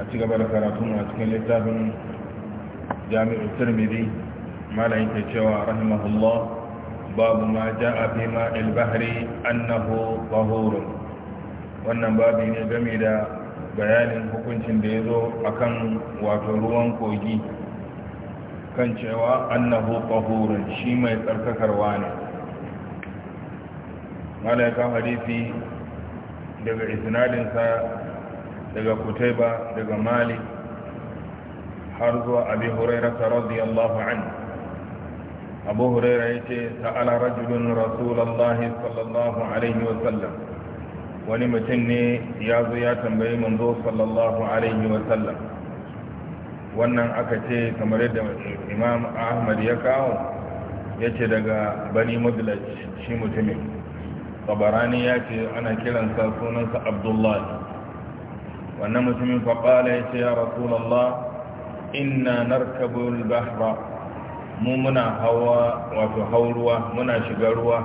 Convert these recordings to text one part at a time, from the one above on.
a ci gaba da karatu a cikin littafin jami'u tirmidhi malayin ta cewa rahimahullah babu ma ja a fi ma'il bahari annahu tahurun wannan babu ne game da bayanin hukuncin da ya zo akan wato ruwan kogi kan cewa annahu tahurun shi mai tsarkakarwa ne malayin hadisi daga isnadinsa daga kutaiba daga malik har zuwa abi hurairata radiyallahu anhu abu huraira ya ce ta'ala rajulun rasulallahi sallallahu alaihi wasallam wani mutum ne ya zo ya tambayi manzo sallallahu alaihi wasallam wannan aka ce kamar yadda imam ahmad ya kawo ya ce daga bani mudlaj shi mutumin tabarani ya ce ana kiransa sunansa abdullahi wannan mutumin faƙala ya ce ya rasulallah inna narkabul bahra mu muna hawa wato hauruwa muna shiga ruwa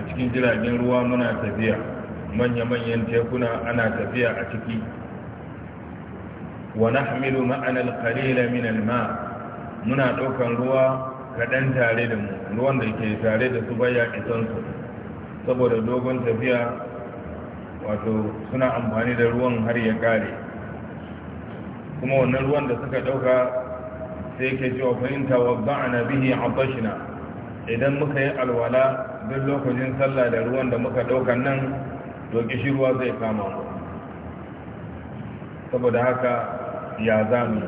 a cikin jiragen ruwa muna tafiya manya-manyan tekuna ana tafiya a ciki wa nahmilu ma'ana al-qalila ma muna ɗaukan ruwa kaɗan tare da mu ruwan da ke tare da su baya isan su saboda dogon tafiya wato suna amfani da ruwan har ya kare kuma wannan ruwan da suka dauka sai ke cewa fahimta wa ba'ana bihi abashina idan muka yi alwala duk lokacin sallah da ruwan da muka dauka nan to ruwa zai kama mu saboda haka ya zami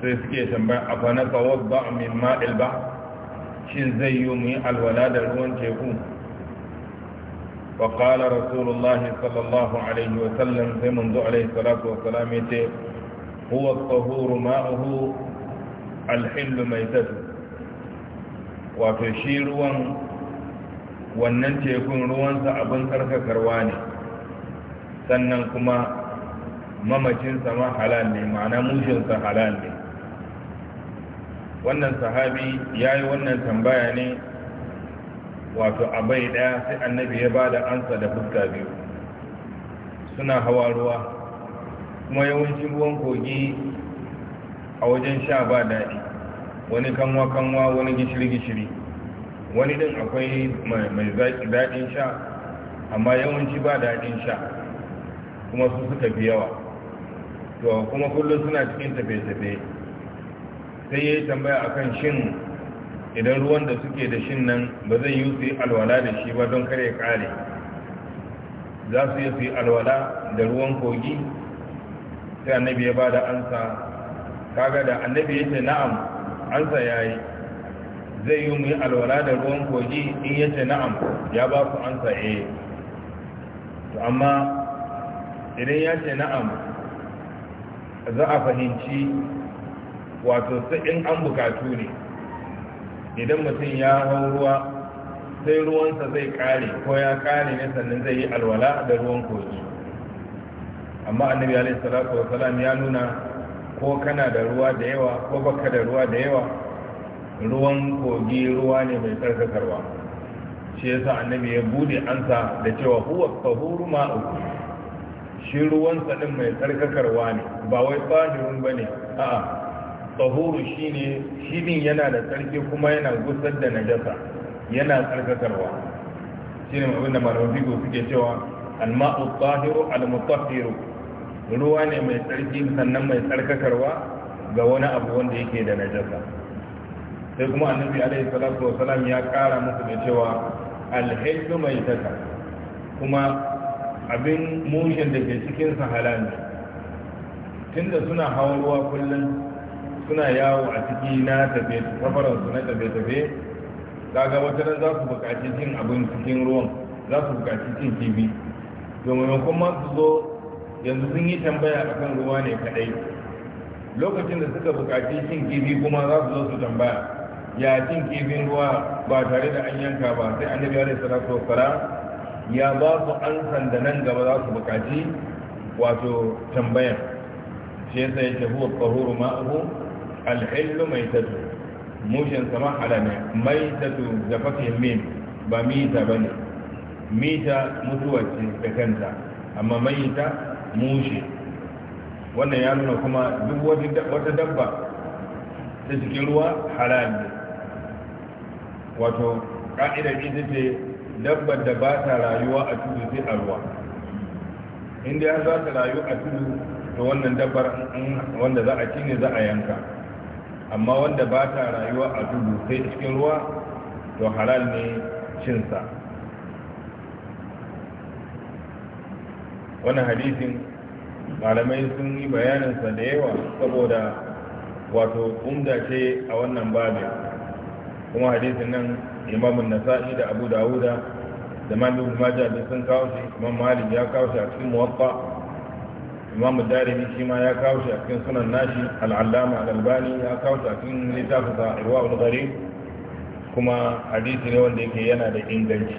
sai suke tambaya a fana na tawabba min ma'il ba shin zai yi mu yi alwala da ruwan teku وقال رسول الله صلى الله عليه وسلم في منذ عليه الصلاة والسلام هو الطهور ماؤه الحل ميتته وتشير wannan tekun ruwansa abin karkakarwa ne sannan kuma mamacinsa ma halal ne ma'ana mushinsa halal ne wannan sahabi ya yi wannan tambaya ne wato abai daya sai annabi ya ba da ansa da fuska biyu suna hawa ruwa kuma yawancin ruwan kogi a wajen sha ba daɗi wani kanwa-kanwa wani gishiri-gishiri wani din akwai mai daɗin sha amma yawanci ba daɗin sha kuma su suka fi yawa to kuma kullum suna cikin tafe-tafe sai ya yi tambaya akan shin idan ruwan da suke da shin nan ba zai yi su yi alwala da shi ba don kare kare za su yi su yi alwala da ruwan kogi sai annabi ya ba da ansa kaga da annabi ya ce na'am ansa ya yi zai yi mu yi alwala da ruwan kogi in ya ce na'am ya ba su ansa eh to amma idan ya ce na'am za a fahimci wato sai in an bukatu ne idan mutum ya hau ruwa sai ruwansa zai kare ko ya kare ne sannan zai yi alwala da ruwan kogi amma annabi alaihi salatu wasalam ya nuna ko kana da ruwa da yawa ko baka da ruwa da yawa ruwan kogi ruwa ne mai tsarkakarwa shi yasa annabi ya bude ansa da cewa huwa tahuru ma'u shi ruwan sa din mai tsarkakarwa ne ba wai tsahirun bane a'a shi ne shirin yana da tsarki kuma yana gusar da najasa yana tsarkakarwa shine abin da malamin suke cewa alma'u tahiru almutahhiru ruwa ne mai tsarki sannan mai tsarkakarwa ga wani abu wanda yake da najasa sai kuma annabi alaihi salatu wasalam ya kara musu da cewa alhaidu mai taka kuma abin mushin da ke cikinsa halal ne tunda suna hawa ruwa kullum suna yawo a ciki na tafe safarar su na tafe tafe kaga wata nan za su buƙaci cin abin cikin ruwan za su buƙaci cin kifi to maimakon ma su zo yanzu sun yi tambaya akan ruwa ne kadai lokacin da suka buƙaci cin kifi kuma za su zo su tambaya ya cin kifin ruwa ba tare da an yanka ba sai annabi alaihi salatu fara ya ba su an da nan gaba za su buƙaci wato tambayan shi yasa yake huwa qahuru ma'ahu alhillu mai tatu mushin sama halana mai tatu da fatin min ba mita ba ne mita mutuwa ce da kanta amma mai ta mushi wannan ya nuna kuma duk wata dabba ta cikin ruwa halal ne wato ƙa'idar ita ce dabbar da ba ta rayuwa a tudu sai a ruwa inda ya za ta rayu a tudu to wannan dabbar wanda za a ci za a yanka amma wanda ba ta rayuwa a dubu sai cikin ruwa to halal ne cinsa wannan hadisin malamai sun yi bayaninsa da yawa saboda wato umda ce a wannan babin kuma hadisin nan imamun nasa'i da abu dawuda da malibin majal sun kawo shi imam malik ya kawo shi a cikin muwaffa imam darimi shi ma ya kawo shi a cikin sunan nashi al'allama al'albani ya kawo shi a cikin littafin sa irwa al kuma hadisi ne wanda yake yana da inganci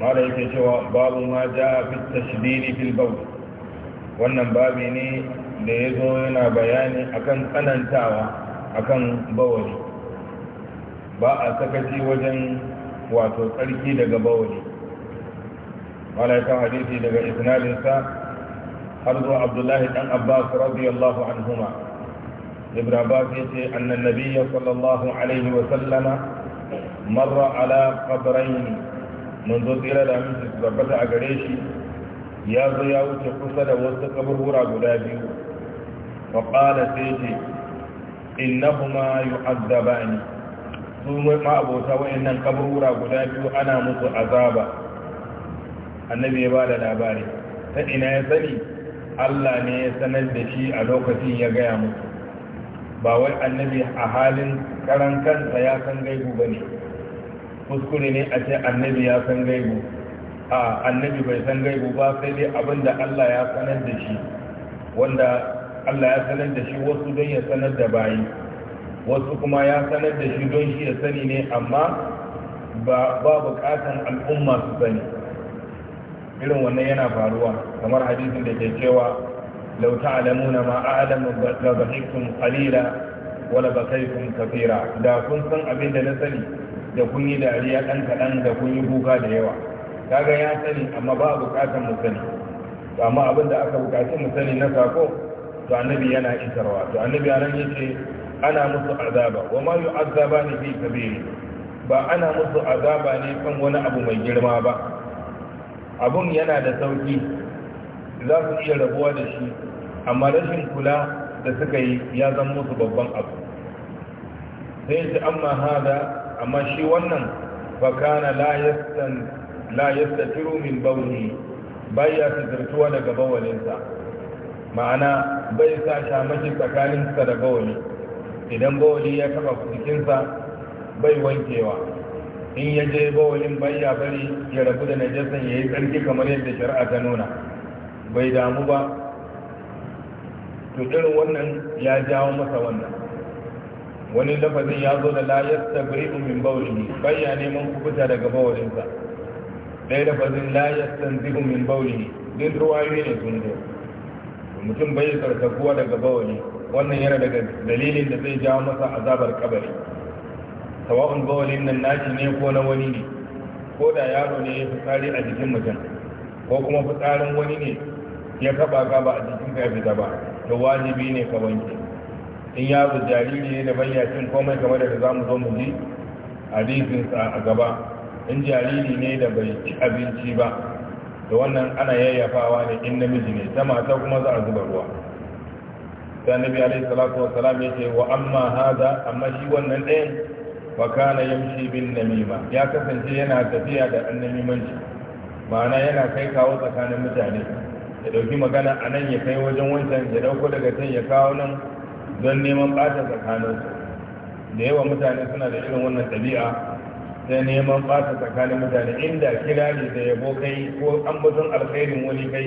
mala yake cewa babu ma ja fi tashdidi fil bawl wannan babi ne da yazo yana bayani akan tsanantawa akan bawali ba a sakaci wajen wato tsarki daga bawali malaika hadisi daga isnadinsa har zuwa abdullahi dan abbas radiyallahu anhuma ibn abbas ya ce, annan Nabiya sallallahu alaihi wa sallama marra ala qabrayn منذ tsira da aminci su tabbata a gare shi ya zo ya wuce kusa da wasu kaburbura guda biyu wa qala sai ce innahuma yu'azzabani su ma abota wayannan kaburura guda biyu ana musu azaba annabi ya bada labari ta ina ya sani Allah ne ya sanar da shi a lokacin ya gaya musu ba wai annabi a halin karan kansa ya san gaibu ba ne kuskure ne a ce annabi ya san gaibu a annabi bai san gaibu ba sai dai abin da Allah ya sanar da shi wanda Allah ya sanar da shi wasu don ya sanar da bayi wasu kuma ya sanar da shi don shi ya sani ne amma ba bukatan al'umma su sani irin wannan yana faruwa kamar hadisin da ke cewa lau ta'lamuna ma a'lamu la bahikum qalila wala bakaytum kathira da kun san abin da na sani da kun yi dariya dan kadan da kun yi kuka da yawa kaga ya sani amma ba bukatan mu sani amma abin da aka bukaci mu sani na sako to annabi yana isarwa to annabi anan yace ana musu azaba wa ma yu'azzaba ni fi ba ana musu azaba ne kan wani abu mai girma ba abun yana da sauki za su iya rabuwa da shi amma rashin kula da suka yi ya zan musu babban abu sai shi amma hada amma shi wannan kana la yastatiru min bauni baya zartuwa daga bawalinsa ma'ana bai sa tsakanin tsakaninsa da bawali idan bawali ya taba jikinsa bai wankewa in ya je bawalin bai ya bari ya rabu da najasan ya yi tsarki kamar yadda shari'a ta nuna bai damu ba to irin wannan ya jawo masa wannan wani lafazin ya zo da layar tabiri min baulihi bayya neman kubuta daga bawalinsa ɗaya lafazin layar tanzihu min baulihi din ruwayoyi ne sun zo mutum bai sarkakuwa daga bawali wannan yana daga dalilin da zai jawo masa azabar kabari sawa'un bawalin nan naci ne ko na wani ne ko da yaro ne ya fitsari a jikin mutum ko kuma fitsarin wani ne ya kaba ka ba a jikin ka fita ba to wajibi ne ka wanke in yaro jariri ne da bayya cin komai kamar da za mu zo mu ji hadisinsa a gaba in jariri ne da bai ci abinci ba da wannan ana yayyafawa ne in namiji ne ta mata kuma za a zuba ruwa sai nabi alaihi salatu wa salam ce wa amma hada amma shi wannan ɗayan fa kana yamshi bin namima ya kasance yana tafiya da annamimanci ma'ana yana kai kawo tsakanin mutane ya ɗauki magana a nan ya kai wajen wancan ya dauko daga can ya kawo nan don neman ɓata tsakaninsu da yawa mutane suna da irin wannan ɗabi'a da neman fata tsakanin mutane inda kirari da yabo kai ko an mutum alkhairin wani kai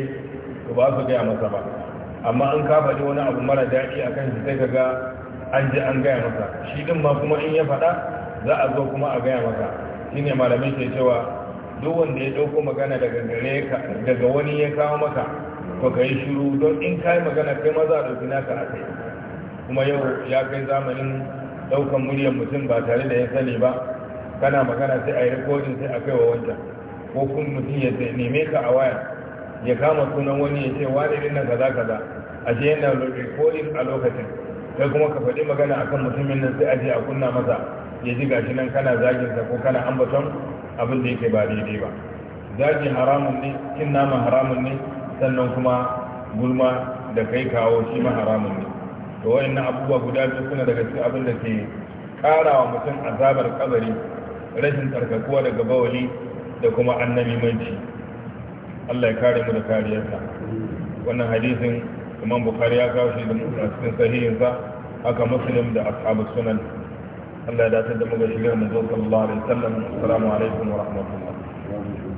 to ba su gaya masa ba amma an ka faɗi wani abu mara daɗi a kan shi sai ka ga an ji an gaya masa shi ɗin ma kuma in ya faɗa za a zo kuma a gaya masa shi ne malamin ke cewa duk wanda ya ɗauko magana daga gare ka daga wani ya kawo maka to ka yi shiru don in ka yi magana kai ma za a ɗauki naka a kai kuma yau ya kai zamanin ɗaukan muryar mutum ba tare da ya sani ba kana magana sai a yi rikodin sai a kai wa wancan ko kun mutum ya neme ka a waya ya kama sunan wani ya ce wani ɗin nan kaza kaza a ce yana rikodin a lokacin sai kuma ka faɗi magana akan mutumin nan sai a je a kunna masa ya ji gashi nan kana zagin sa ko kana ambaton abin da yake ba daidai ba zagi haramun ne cin nama haramun ne sannan kuma gulma da kai kawo shi ma haramun ne to wayannan abubuwa guda biyu suna daga cikin abin da ke karawa mutum azabar kabari rashin tsarkakuwa daga bawali da kuma annamimanci Allah ya kare mu da kariyarsa wannan hadisin imam bukari ya kawo shi da a cikin sahihinsa haka muslim da ashabu sunan Allah ya dace da mu ga shigar mu manzon sallallahu alaihi wasallam assalamu alaikum wa rahmatullah